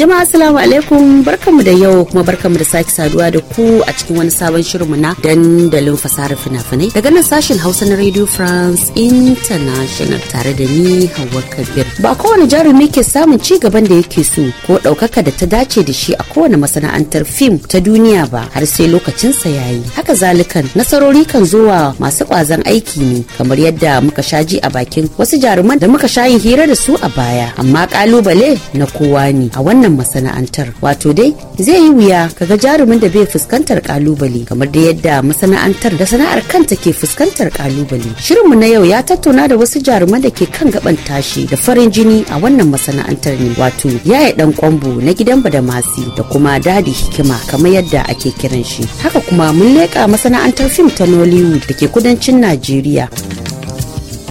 Jama'a assalamu alaikum barkamu da yau kuma barkamu da sake saduwa da ku a cikin wani sabon shirin mu na dandalin fasahar fina-finai daga nan sashen Hausa na Radio France International tare da ni Hauwa Kabir. Ba kowane jarumi ke samun ci gaban da yake so ko ɗaukaka da ta dace da shi a kowane masana'antar fim ta duniya ba har sai lokacinsa ya yi. Haka zalikan nasarori kan zuwa masu ƙwazon aiki ne kamar yadda muka sha ji a bakin wasu jaruman da muka sha yin hira da su a baya amma ƙalubale na kowa ne a wannan wannan masana'antar wato dai zai yi wuya kaga jarumin da bai fuskantar kalubale kamar da yadda masana'antar da sana'ar kanta ke fuskantar kalubale shirinmu na yau ya tattauna da wasu jaruman da ke kan gaban tashi da farin jini a wannan masana'antar ne wato yaya dan kwambo na gidan badamasi da kuma dadi hikima kamar yadda ake kiran shi haka kuma mun leƙa masana'antar fim ta nollywood da ke kudancin najeriya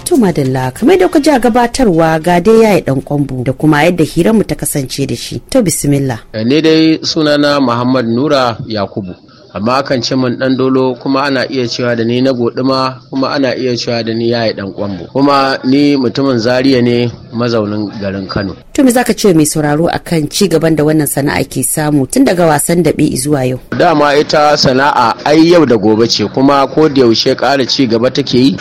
to madalla kamar da kuka a gabatarwa ga dai yayi dan kwambu da kuma yadda hirar mu ta kasance da shi to bismillah eh, Ni dai sunana Muhammad Nura Yakubu amma akan ce min dan dolo kuma ana iya cewa da ni na goduma kuma ana iya cewa da ni yayi dan kwambo kuma ni mutumin zaria ne mazaunin garin Kano to me zaka ce mai sauraro akan ci gaban da wannan sana'a ke samu tun daga wasan daɓe zuwa yau dama ita sana'a ai yau da gobe ce kuma ko da yaushe ƙara ci gaba take yi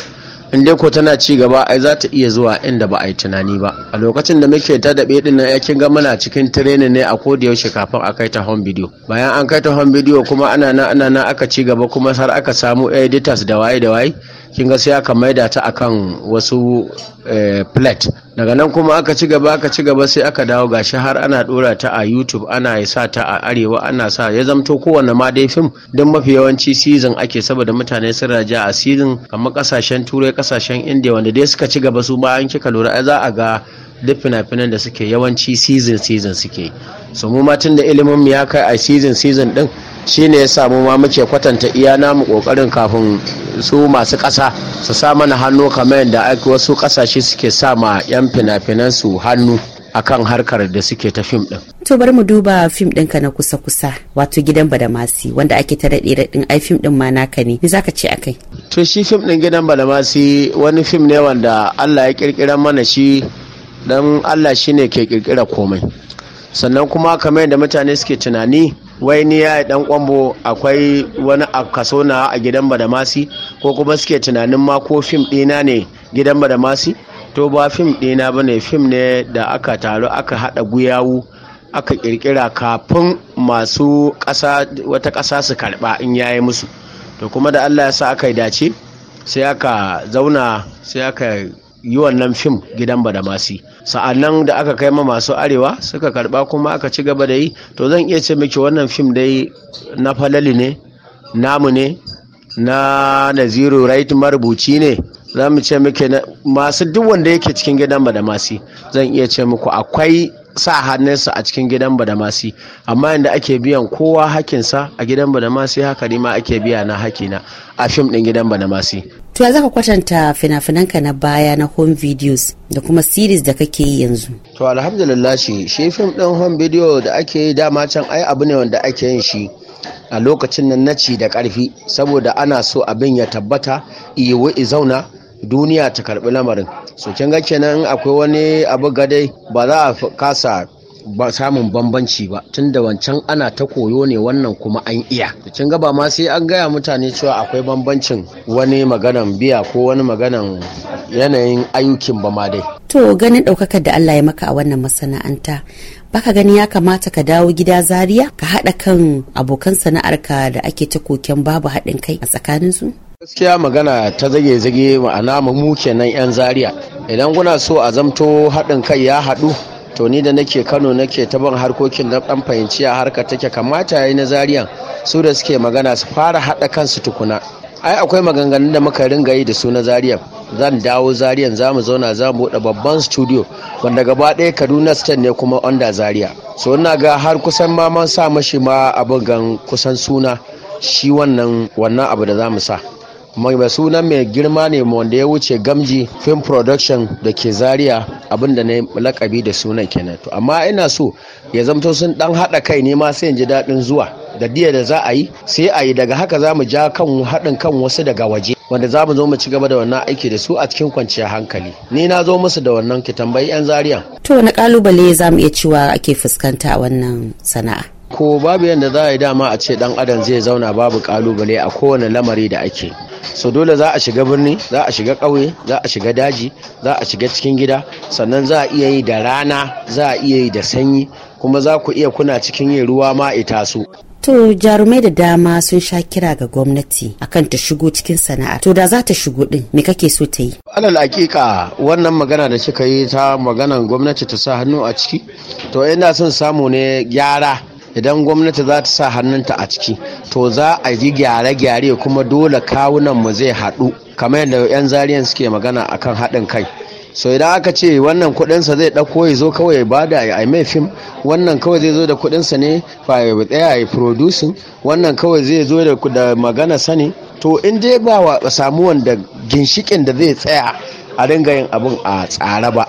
in dai ko tana ci gaba ai za ta iya zuwa inda ba a yi tunani ba a lokacin da muke ta daɓe din nan yakin ga muna cikin tirenin ne a koda yaushe kafin a kai ta home video bayan an kai ta home video kuma ana nan ana nan aka ci gaba kuma har aka samu editors da waye da waye kin ga sai aka maida ta akan wasu eh, plate daga nan kuma aka ci gaba aka ci gaba sai aka dawo gashi har ana dora ta a youtube ana sa ta a arewa ana sa ya zamto kowane ma dai fim don mafi yawanci season ake saboda mutane sun raja a season kamar kasashen turai kasashen Indiya, wanda dai suka ci gaba su an kika lura za a ga duk fina-finan da suke yawanci season season suke so mu ma tun da ilimin mu ya kai a season season din shine ya samu ma muke kwatanta iya namu kokarin kafin su masu kasa su sa mana hannu kamar yadda ake wasu ƙasashe suke sa ma 'yan fina-finan su hannu akan harkar da suke ta fim din. To bari mu duba fim ɗinka na kusa-kusa wato gidan Badamasi wanda ake ta daɗe ɗin ai fim ɗin ma naka ne. Me zaka ce akai? To shi fim ɗin gidan Badamasi wani fim ne wanda Allah ya kirkira mana shi dan Allah shine ke kirkira komai. Sannan kuma kamar yadda mutane suke tunani wai ni ya yi dan kwambo akwai wani kaso na a gidan badamasi ko kuma suke tunanin ma ko fim ɗina ne gidan badamasi to ba fim ɗina ba ne fim ne da aka taru aka haɗa guyawu aka ƙirƙira kafin masu wata ƙasa su karɓa in yayi musu to kuma da allah ya sa aka yi dace sai aka zauna sai aka yi wannan fim gidan badamasi sa'annan da aka kai ma masu arewa suka karba kuma aka ci gaba da yi to zan iya ce miki wannan fim dai na falali ne namu ne na naziru right marubuci ne za mu ce muke masu duk wanda yake cikin gidan badamasi zan iya ce muku akwai sa hannunsa a cikin gidan badamasi amma yadda ake biyan kowa hakinsa a gidan badamasi haka ma ake biya na hakina a fim ɗin gidan badamasi to ya zaka kwatanta fina-finanka na baya na home videos da kuma series da kake yi yanzu to alhamdulillah shi shi fim din home video da ake yi dama can ai abu ne wanda ake yin shi a lokacin nan na ci da karfi saboda ana so abin ya tabbata iwo zauna duniya ta karbi lamarin so kin kenan akwai wani abu gadai ba za a kasa ba samun bambanci ba tun da wancan ana ta koyo ne wannan kuma an iya kin ga ba ma sai an gaya mutane cewa akwai bambancin wani maganan biya ko wani maganan yanayin ayyukin ba ma dai to ganin ɗaukakar da Allah ya maka a wannan masana'anta baka gani ya kamata ka dawo gida zaria ka haɗa kan abokan sana'arka da ake ta koken babu haɗin kai a tsakanin su gaskiya magana ta zage-zage ma'ana mu kenan 'yan zaria idan kuna so a zamto haɗin kai ya haɗu to ni da nake kano nake ta ban harkokin na dan fahimci a harkar take kamata yayi na zariyan su da suke magana su fara haɗa kansu tukuna ai akwai maganganun da muka ringa yi da su na zariyan zan dawo zariyan za mu zauna za mu buɗe babban studio wanda gaba ɗaya kaduna state ne kuma onda zaria so ina ga har kusan ma man sa mashi ma abin gan kusan suna shi wannan wannan abu da za mu sa mai sunan mai girma ne wanda ya wuce gamji film production da ke zaria abinda na lakabi da sunan kenan to amma ina so ya zamto sun dan hada kai ne ma sai ji dadin zuwa da diya da za a yi sai a yi daga haka za mu ja kan haɗin kan wasu daga waje wanda za mu zo mu ci gaba da wannan aiki da su a cikin kwanciyar hankali ni na zo musu da wannan ki tambayi yan zariya to wani kalubale za mu iya cewa ake fuskanta wannan sana'a farko babu yadda za a yi dama a ce dan adam zai zauna babu kalubale a kowane lamari da ake so dole za a shiga birni za a shiga ƙauye za a shiga daji za a shiga cikin gida sannan za a iya yi da rana za a iya yi da sanyi kuma za ku iya kuna cikin yin ruwa ma itasu To jarumai da dama sun sha kira ga gwamnati akan ta shigo cikin sana'a. To da za ta shigo din me kake so ta yi? Alal hakika wannan magana da kika yi ta maganan gwamnati ta sa hannu a ciki. To ina son samu ne gyara idan gwamnati za ta sa hannunta a ciki to za a yi gyare-gyare kuma dole kawunan mu zai haɗu kamar yadda 'yan zariyan suke magana akan haɗin kai so idan aka ce wannan kudinsa zai ɗauko ya zo kawai ya bada ya mai fim wannan kawai zai zo da kudinsa ne fa ya tsaya ya producing wannan kawai zai zo da magana sani to in dai ba wa samu wanda ginshikin da zai tsaya a ringa yin abin a tsare ba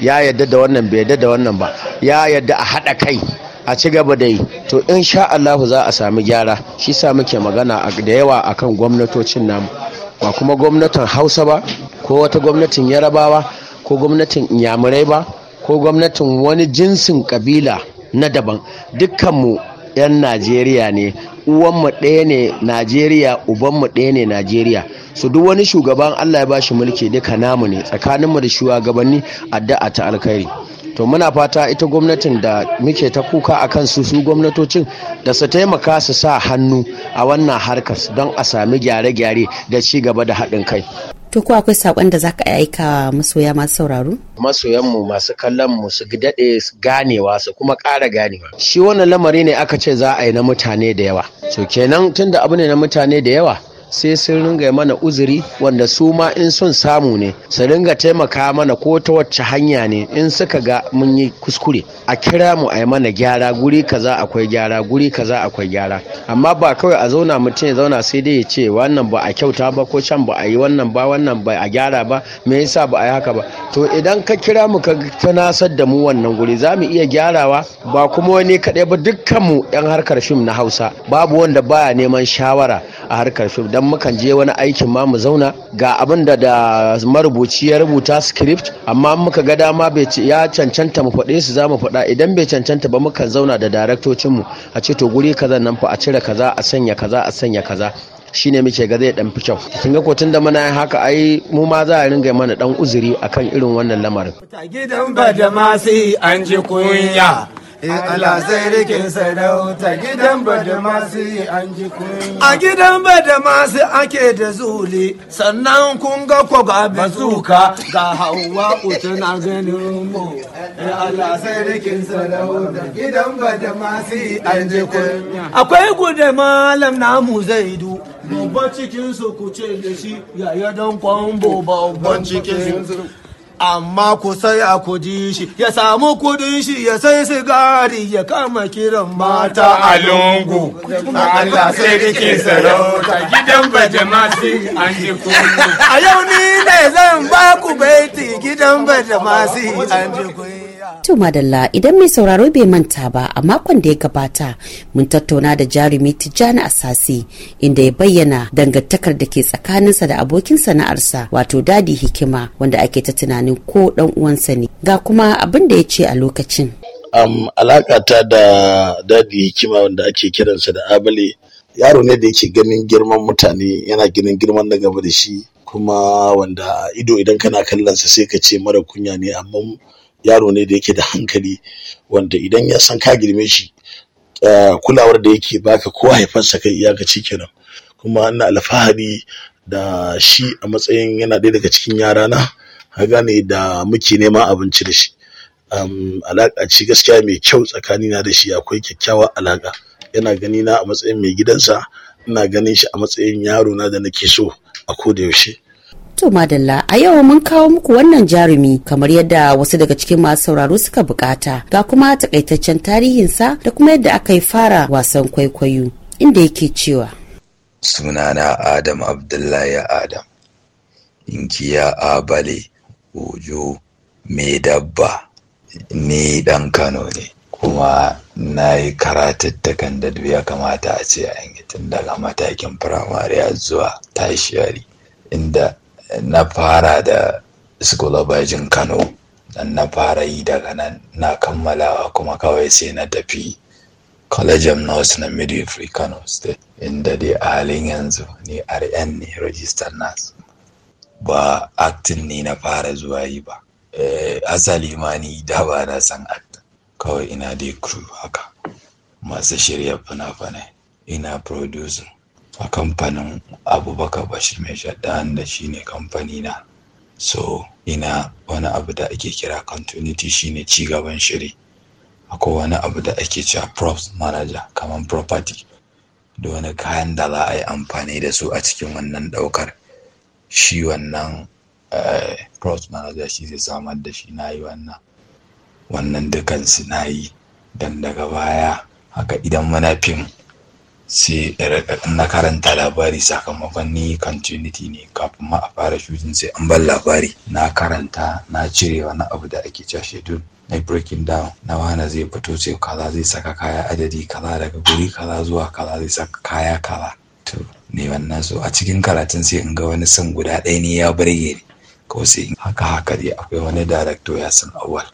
ya yadda da wannan bai yadda da wannan ba ya yadda a haɗa kai a ci gaba da yi to in sha Allahu za a sami gyara shi sa muke magana da yawa akan gwamnatocin namu ba kuma gwamnatin hausa ba ko wata gwamnatin yarabawa ko gwamnatin inyamurai ba ko gwamnatin wani jinsin kabila na daban dukkanmu 'yan najeriya ne uwanmu ɗaya ne najeriya ubanmu ɗaya ne najeriya su duk wani shugaban allah ya bashi mulki duka namu ne tsakaninmu da shugabanni addu'a ta alkhairi to muna fata ita gwamnatin da muke ta kuka a kan su gwamnatocin da su taimaka su sa hannu a wannan harkar don a sami gyare-gyare da ci gaba da haɗin kai to ko akwai sakon da zaka aika masoya masu sauraro masoyan masu kallon mu su daɗe ganewa su kuma ƙara ganewa shi wannan lamari ne aka ce za a yi na mutane da yawa so kenan tunda abu ne na mutane da yawa sai sun ringa mana uzuri wanda su ma in sun samu ne su ringa taimaka mana ko ta wacce hanya ne in suka ga mun yi kuskure a kira mu a yi mana gyara guri kaza akwai gyara guri kaza akwai gyara amma ba kawai a zauna mutum ya zauna sai dai ya ce wannan ba a kyauta ba ko can ba a yi wannan ba wannan ba a gyara ba me yasa ba a yi haka ba to idan ka kira mu ka tunasar da mu wannan guri za mu iya gyarawa ba kuma wani kaɗai ba dukkanmu 'yan harkar fim na hausa babu wanda baya neman shawara a harkar fim Idan mukan je wani aikin ma mu zauna ga abin da da marubuci ya rubuta script amma muka ga dama bai ya cancanta mu faɗe su za mu faɗa idan bai cancanta ba mukan zauna da daraktocin mu a ce to guri kaza nan fa a cire kaza a sanya kaza a sanya kaza shine muke ga zai dan fi kyau kin ga kotun da muna haka ai mu ma za a ringa mana dan uzuri akan irin wannan lamarin gidan ba da an ji kunya Ala zai rikin sarauta gidan A gidan badamasi ake da zuli sannan kun ga ko ga bazuka ga hawa ganin mu. an ji Akwai gudu malam namu zaidu. Babban cikinsu ku ce da shi yaya don kwambo babban amma ku sai a kuji shi ya samu kudin shi ya sai sigari ya kama kiran mata a lungu na Allah sai rike sarauta gidan bajamasi an ji kunyu a yau ni ne zan ba ku baiti gidan bajamasi an ji kunyu To madalla idan mai sauraro bai manta ba a makon da ya gabata mun tattauna da jarumi Tijjani Asasi inda ya bayyana dangantakar da ke tsakaninsa da abokin sana'arsa wato Dadi Hikima wanda ake ta tunanin ko dan uwansa ne ga kuma abin da ya ce a lokacin. Um, alakata da Dadi Hikima wanda ake kiransa da Abale yaro ne da yake ganin girman mutane yana ganin girman na gaba da shi kuma wanda ido idan kana kallonsa sai ka ce mara kunya ne amma yaro ne da yake da hankali wanda idan ya san ka girme shi eh, kulawar da yake baka ko haifarsa kai iyakaci kenan kuma ina alfahari da shi a matsayin yana ɗaya daga cikin yara na haga ne da muke nema abinci da shi alaƙa ci gaskiya mai kyau tsakani na da shi akwai kyakkyawa alaƙa yana ganina a matsayin mai gidansa ina ganin shi a matsayin yaro na da nake so a koda yaushe To madalla a yau mun kawo muku wannan jarumi kamar yadda wasu daga cikin masu sauraro suka bukata ga kuma takaitaccen tarihinsa da kuma yadda aka yi fara wasan kwaikwayo inda yake cewa. Sunana Adam Abdullahi Adam, inkiya Abale, Ojo, mai dabba, ni dan Kano ne. kuma na yi karatattakan da duk ya kamata a ce a yankin daga matakin firamare zuwa tashiyari inda na fara da school of kano dan na fara yi daga nan na kammalawa kuma kawai sai na tafi College north na Midwifery Kano State inda dai a halin yanzu ni RN ne register Nurse ba acting ne na fara zuwa yi ba eh, asali ma ni da ba na san acting kawai ina dai crew haka masu shirya fina-finai ina producer a kamfanin abubakar bashir mai shaddan da ne kamfani na so ina wani abu da ake kira continuity shine gaban shiri akwai wani abu da ake cewa props manager kamar property da wani kayan da za a yi amfani da su a cikin wannan ɗaukar? shi wannan eh, props manager shi zai samar da shi na yi wannan wannan dukansu na yi don daga baya haka idan muna fim sai er, na karanta labari sakamakon ni continuity ne kafin ma a fara shooting sai an bar labari na karanta na cire wani abu da ake cewa schedule na breaking down na wane zai fito sai kaza zai saka kaya adadi kaza daga guri kaza zuwa kaza zai saka kaya kaza to ne wannan so a cikin karatun sai in ga wani son guda ɗaya ne ya burge ni ko sai haka haka dai akwai wani director ya san awal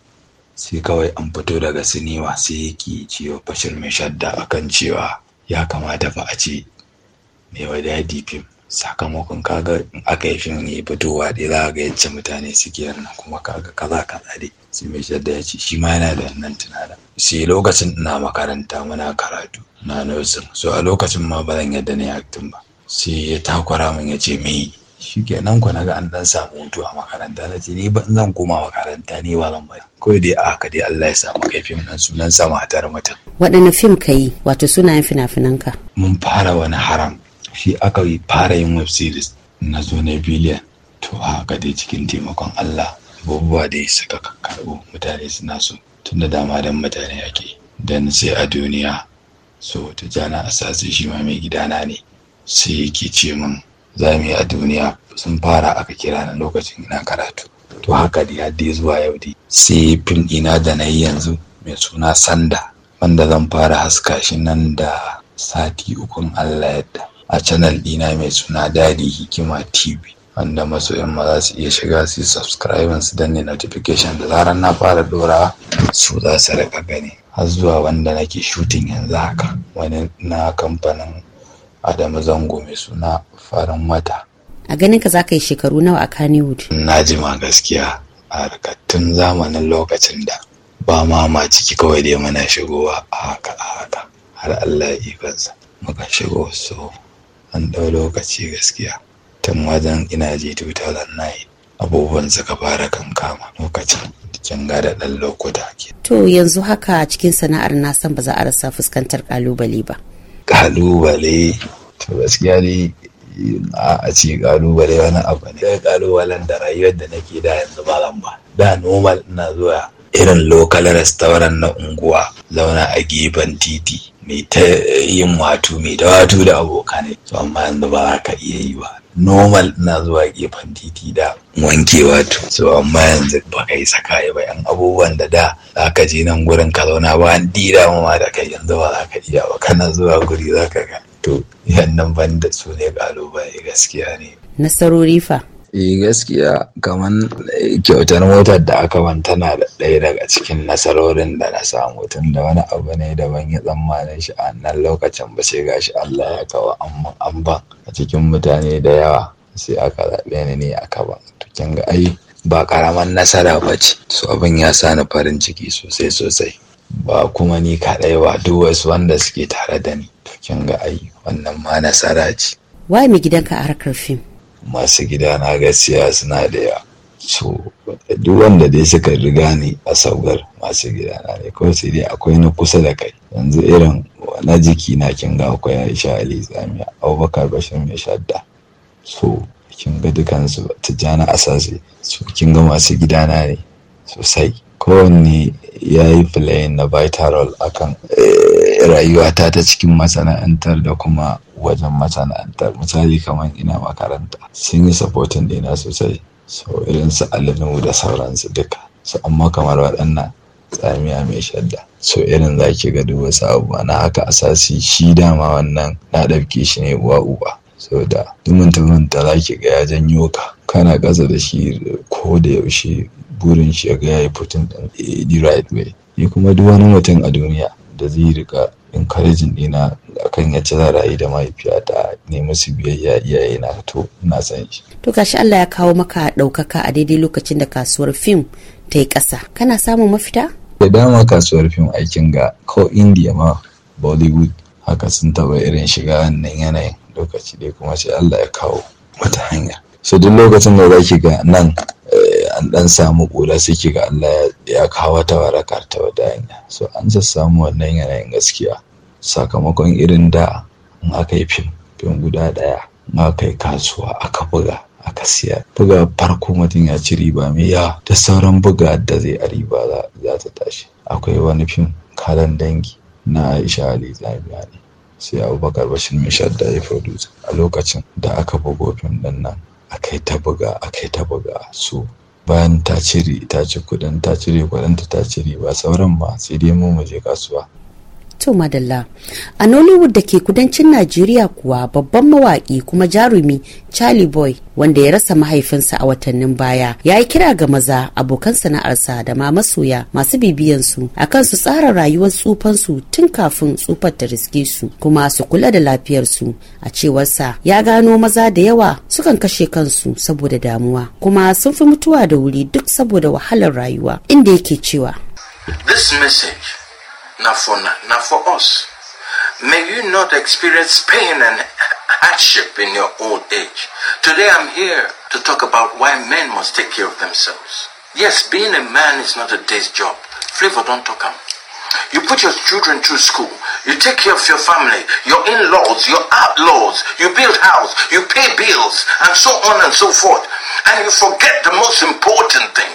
sai kawai an fito daga sinima sai yake cewa fashin mai shadda akan cewa ya kamata ba a ce mai ya fim sakamakon kaga in aka yi fim ne fitowa dai za ga yacce mutane suke yarna kuma kaga kaza kaza dai sai mai shadda ya ce shi ma yana da wannan tunanin sai lokacin ina makaranta muna karatu na nursing so a lokacin ma ba zan yadda na yi acting ba sai ya takwara min ya ce me shi kenan ku naga an dan samu hutu a makaranta na ce ni ban zan koma makaranta ne ba zan kawai dai a haka dai Allah ya samu kai fim nan sunan sa matar mutum waɗanne fim ka yi wato sunayen fina finafinan ka mun fara wani haram shi aka yi fara yin web series na zone billion. to a haka dai cikin taimakon Allah abubuwa dai suka karɓo mutane suna so tun da dama don mutane yake dan sai a duniya so ta jana a shi ma mai gidana ne sai yake ce min za mu yi a duniya sun fara aka kira na lokacin ina karatu to haka da ya dai zuwa yau dai sai fim ina da na yi yanzu mai suna sanda wanda zan fara haska shi nan da sati ukun allah yadda a canal ɗina mai suna dadi hikima tv wanda masoyan ma za su iya shiga su subscribe su danne notification da zarar na fara dora su za su rika gani har zuwa wanda nake shooting yanzu haka wani na kamfanin Adamu Zango mai suna farin wata. A ganin ka za ka yi shekaru nawa a Kannywood? Na jima gaskiya a harkattun zamanin lokacin da ba ma ma ciki kawai dai muna shigowa a haka a haka har Allah ya ibansa, muka shigo so an ɗau lokaci gaskiya tun wajen ina ji 2009 abubuwan suka fara kankama lokacin kin gada ɗan lokuta ke. To yanzu haka cikin sana'ar na san ba za a rasa fuskantar ƙalubale ba. kalubale to gaskiya ne a ce kalubale wani abu ne kalubalen da rayuwar da nake da yanzu ba zan ba da normal ina zuwa irin local restaurant na unguwa zauna a gefen titi mai ta yin wato mai dawatu da abokanai to amma yanzu ba za ka iya yi ba normal na zuwa gefen titi da wankewa to so amma yanzu ba kai saka ya ba yan abubuwan da da zaka je nan gurin ka zauna ba an dira ma da kai yanzu ba za ka iya ba kana zuwa guri za ka ga to yan nan ban da su ne kalubale gaskiya ne nasarori fa eh gaskiya kaman eh, kyautar motar da aka ban tana da ɗaya daga cikin nasarorin da na samu tun da wani abu ne da ban yi tsammanin shi a nan lokacin ba sai gashi Allah ya kawo amma, an ban a cikin mutane da yawa sai aka zaɓe ni ne aka ban to kin ga ai ba karaman nasara ba ce so abin ya sa ni farin ciki sosai sosai ba kuma ni kaɗai ba duk wasu wanda suke tare da ni to kin ga ai wannan ma nasara ce Wa mai gidanka a harkar fim masu gida na gaskiya suna da yawa so duk wanda dai suka riga ni a saugar masu gida na ne kawai sai dai akwai na kusa da kai yanzu irin na jiki na kin ga akwai Aisha Ali Zamiya Abubakar Bashir Mai Shadda so kin ga dukansu Tijjana Asase so kin ga masu gida na ne sosai kowanne ya yi filayen na vital akan eh, rayuwata ta cikin masana'antar da kuma wajen masana'antar misali kamar ina makaranta sun yi supporting ɗina sosai so irin su alinu da sauransu duka su amma kamar waɗannan tsamiya mai shadda so irin za ki ga duk wasu abubuwa na haka asasi shi dama wannan na ɗauke shi ne uwa uba so da dumin ta za ki ga ya janyo ka kana ƙasa da shi ko da yaushe burin shi ya ga ya yi fitin ɗin eh, the right way ni kuma duk wani mutum a duniya da zai rika encouraging dina akan yace zan rayu da mahaifiyata ne musu biyayya iyaye na to ina san shi to gashi Allah ya kawo maka ɗaukaka a daidai lokacin da kasuwar fim ta yi ƙasa kana samun mafita da dama kasuwar fim aikin ga ko indiya ma bollywood haka sun taɓa irin shiga wannan yanayin lokaci dai kuma sai Allah ya kawo wata hanya so duk lokacin da zaki ga nan an dan samu kula suke ga Allah ya kawo ta warakar ta wata hanya so an samu wannan yanayin gaskiya sakamakon irin da in aka yi fim fim guda daya in aka yi kasuwa aka buga aka siya buga farko mutum ya ci riba mai ya? da sauran buga da zai a riba za ta tashi akwai wani fim kalan dangi na aisha ali zamiya ne sai abubakar bashir mai shadda ya produce a lokacin da aka bugo fim din nan aka yi ta buga aka yi ta buga so. bayan ta cire ta ci kuɗin ta cire kuɗinta ta cire, ba sauran ba, sai dai mu mu je kasuwa To madalla. A Nollywood da ke kudancin Najeriya kuwa babban mawaƙi kuma jarumi Charlie Boy wanda ya rasa mahaifinsa a watannin baya ya yi kira ga maza abokan sana'arsa da ma masoya masu bibiyansu a kan su tsara rayuwar tsufansu tun kafin tsufar ta riske su kuma su kula da lafiyarsu a cewarsa ya gano maza da yawa sukan kashe kansu saboda damuwa kuma sun fi mutuwa da wuri duk saboda wahalar rayuwa inda yake cewa not for, not for us. May you not experience pain and hardship in your old age. Today I'm here to talk about why men must take care of themselves. Yes, being a man is not a day's job. Flavor don't talk am. You put your children through school. You take care of your family, your in-laws, your outlaws. You build house, you pay bills, and so on and so forth. And you forget the most important thing.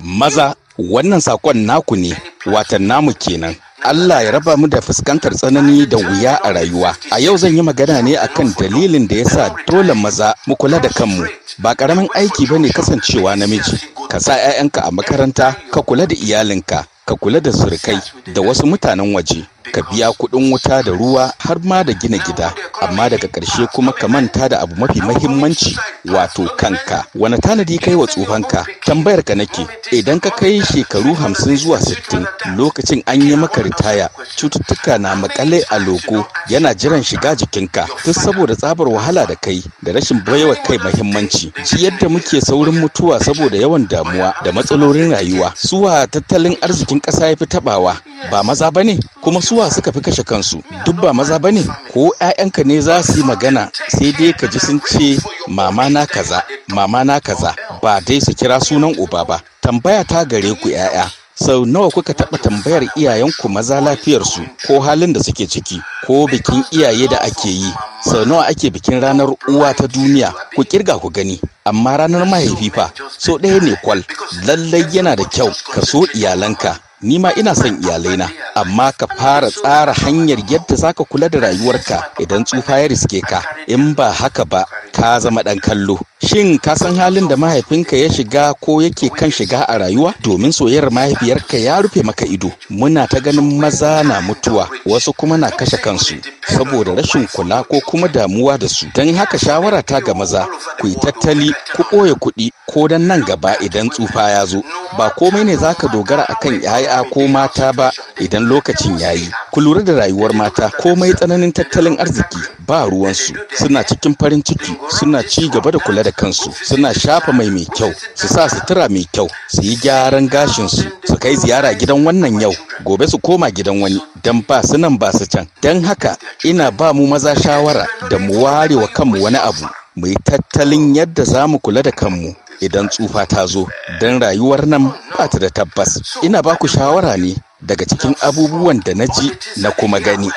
Maza, wannan sakon naku ne, watan namu kenan. Allah ya raba mu da fuskantar tsanani da wuya a rayuwa. A yau zan yi magana ne akan dalilin da ya sa dole maza mu kula da kanmu. Ba ƙaramin aiki ba ne kasancewa namiji. Ka sa 'ya'yanka a makaranta, ka kula da iyalinka, ka kula da surukai da wasu mutanen waje. ka biya kuɗin wuta da ruwa har ma da gina gida amma daga ƙarshe kuma ka manta da abu mafi mahimmanci wato kanka wani tanadi kai wa tsohonka tambayar ka nake idan ka kai shekaru hamsin zuwa sittin lokacin an yi maka ritaya cututtuka na makale a logo yana jiran shiga jikinka duk saboda tsabar wahala da kai da rashin baiwa kai mahimmanci ji yadda muke saurin mutuwa saboda yawan damuwa da matsalolin rayuwa suwa tattalin arzikin ƙasa ya fi taɓawa ba maza ba ne kuma su suwa suka fi kashe kansu duk ba maza bane ko 'ya'yanka ne za su yi magana sai dai ka ji sun ce mama na kaza mama na kaza ba dai su kira sunan uba ba tambaya ta gare ku 'ya'ya sau nawa kuka taɓa tambayar iyayenku maza lafiyarsu ko halin da suke ciki ko bikin iyaye da ake yi sau nawa ake bikin ranar uwa ta duniya ku kirga ku gani amma ranar mahaifi fa so ɗaya ne kwal lallai yana da kyau ka so iyalanka ni ma ina son iyalaina amma ka fara tsara hanyar yadda zaka kula da rayuwarka idan tsufa ya riske ka in ba haka ba ka zama ɗan kallo Shin ka san halin da mahaifinka ya shiga ko yake kan shiga a rayuwa? Domin soyayyar mahaifiyarka ya rufe maka ido. Muna ta ganin maza na mutuwa, wasu kuma na kashe kansu saboda rashin kula ko kuma damuwa da su. Don haka shawara ta ga maza, ku yi tattali, ku ɓoye kuɗi ko dan nan gaba idan tsufa ya zo. Ba komai ne za ka dogara akan 'ya'ya ko mata ba idan lokacin ya yi ku lura da rayuwar mata komai tsananin tattalin arziki ba ruwansu suna cikin farin ciki suna ci gaba da kula da kansu suna shafa mai mai kyau su sa sutura mai kyau su yi gyaran gashinsu su kai ziyara gidan wannan yau gobe su koma gidan wani don ba su nan ba su can don haka ina ba mu maza shawara da mu ware wa kanmu wani abu mu tattalin yadda za mu kula da kanmu idan tsufa ta zo don rayuwar nan ba ta da tabbas ina ba ku shawara ne daga cikin abubuwan da na ji na kuma gani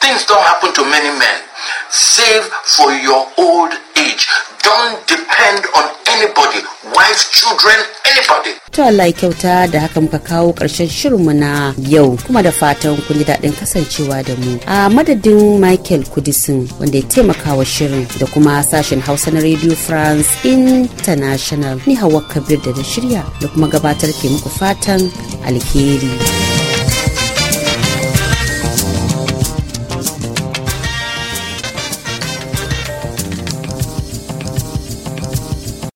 things don't happen to many men save for your old age don't depend on anybody wife children anybody to Allah kyauta da haka muka kawo karshen shirinmu na yau kuma da fatan kun ji daɗin kasancewa da mu a madadin Michael Kudisin wanda ya taimaka wa shirin da kuma sashen Hausa na Radio France International ni Hawwa Kabir da na shirya da kuma gabatar ke muku fatan alheri